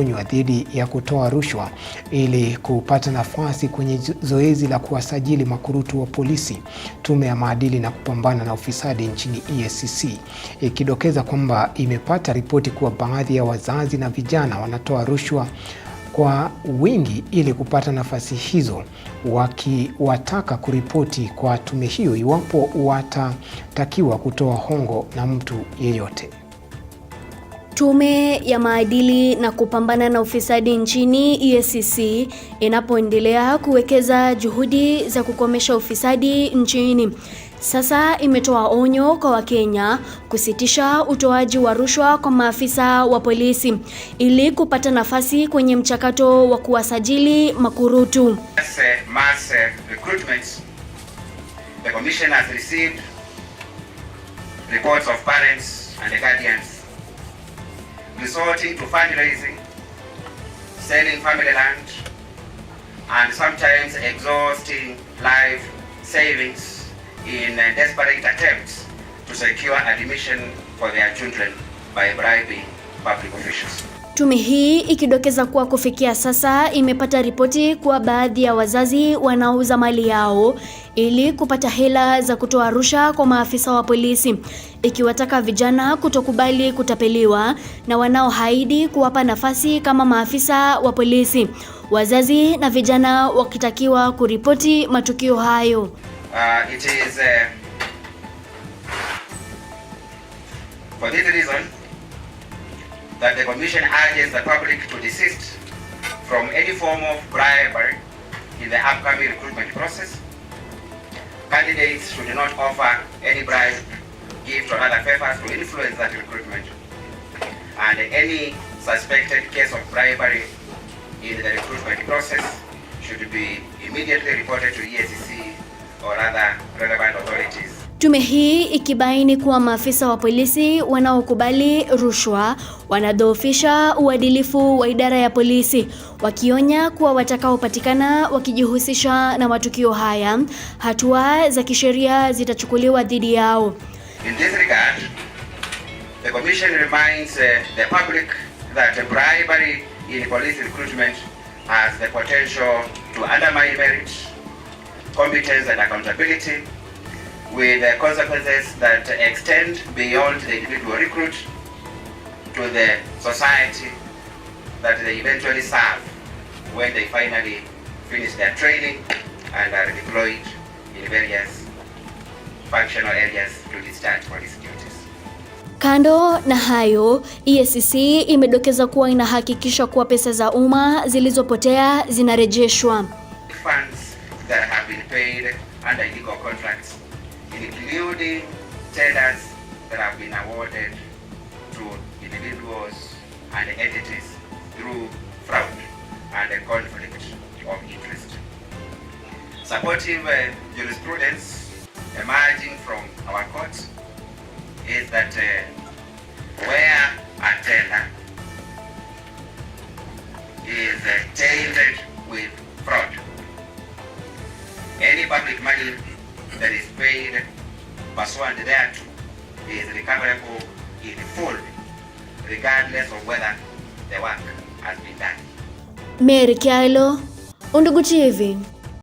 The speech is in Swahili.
onywa dhidi ya kutoa rushwa ili kupata nafasi kwenye zoezi la kuwasajili makurutu wa polisi. Tume ya maadili na kupambana na ufisadi nchini EACC ikidokeza kwamba imepata ripoti kuwa baadhi ya wazazi na vijana wanatoa rushwa kwa wingi ili kupata nafasi hizo, wakiwataka kuripoti kwa tume hiyo iwapo watatakiwa kutoa hongo na mtu yeyote. Tume ya maadili na kupambana na ufisadi nchini EACC inapoendelea kuwekeza juhudi za kukomesha ufisadi nchini, sasa imetoa onyo kwa Wakenya kusitisha utoaji wa rushwa kwa maafisa wa polisi ili kupata nafasi kwenye mchakato wa kuwasajili makurutu. Mass, uh, resorting to fundraising, selling family land, and sometimes exhausting life savings in a uh, desperate attempts to secure admission for their children by bribing public officials. Tume hii ikidokeza kuwa kufikia sasa imepata ripoti kuwa baadhi ya wazazi wanauza mali yao ili kupata hela za kutoa rushwa kwa maafisa wa polisi, ikiwataka vijana kutokubali kutapeliwa na wanaohaidi kuwapa nafasi kama maafisa wa polisi, wazazi na vijana wakitakiwa kuripoti matukio hayo. Uh, it is, uh, for this reason that the Commission urges the public to desist from any form of bribery in the upcoming recruitment process. Candidates should not offer any bribe, gift, or other favors to influence that recruitment. And any suspected case of bribery in the recruitment process should be immediately reported to ESCC or other relevant authorities Tume hii ikibaini kuwa maafisa wa polisi wanaokubali rushwa wanadhoofisha uadilifu wa idara ya polisi, wakionya kuwa watakaopatikana wakijihusisha na matukio haya, hatua za kisheria zitachukuliwa dhidi yao. In this regard, the commission reminds uh, the public that bribery in police recruitment has the potential to undermine merit, competence and accountability with the consequences that extend beyond the individual recruit to the society that they eventually serve when they finally finish their training and are deployed in various functional areas to discharge police duties. Kando na hayo, EACC imedokeza kuwa inahakikisha kuwa pesa za umma zilizopotea zinarejeshwa. Funds that have been paid under illegal contracts including tenders that have been awarded to individuals and entities through fraud and a conflict of interest. Supportive uh, jurisprudence emerging from our court is that uh, where a tender is uh, tainted with fraud, any public money that is paid pursuant thereto is recoverable in full regardless of whether the work has been done. Mary Kyalo, Undugu TV.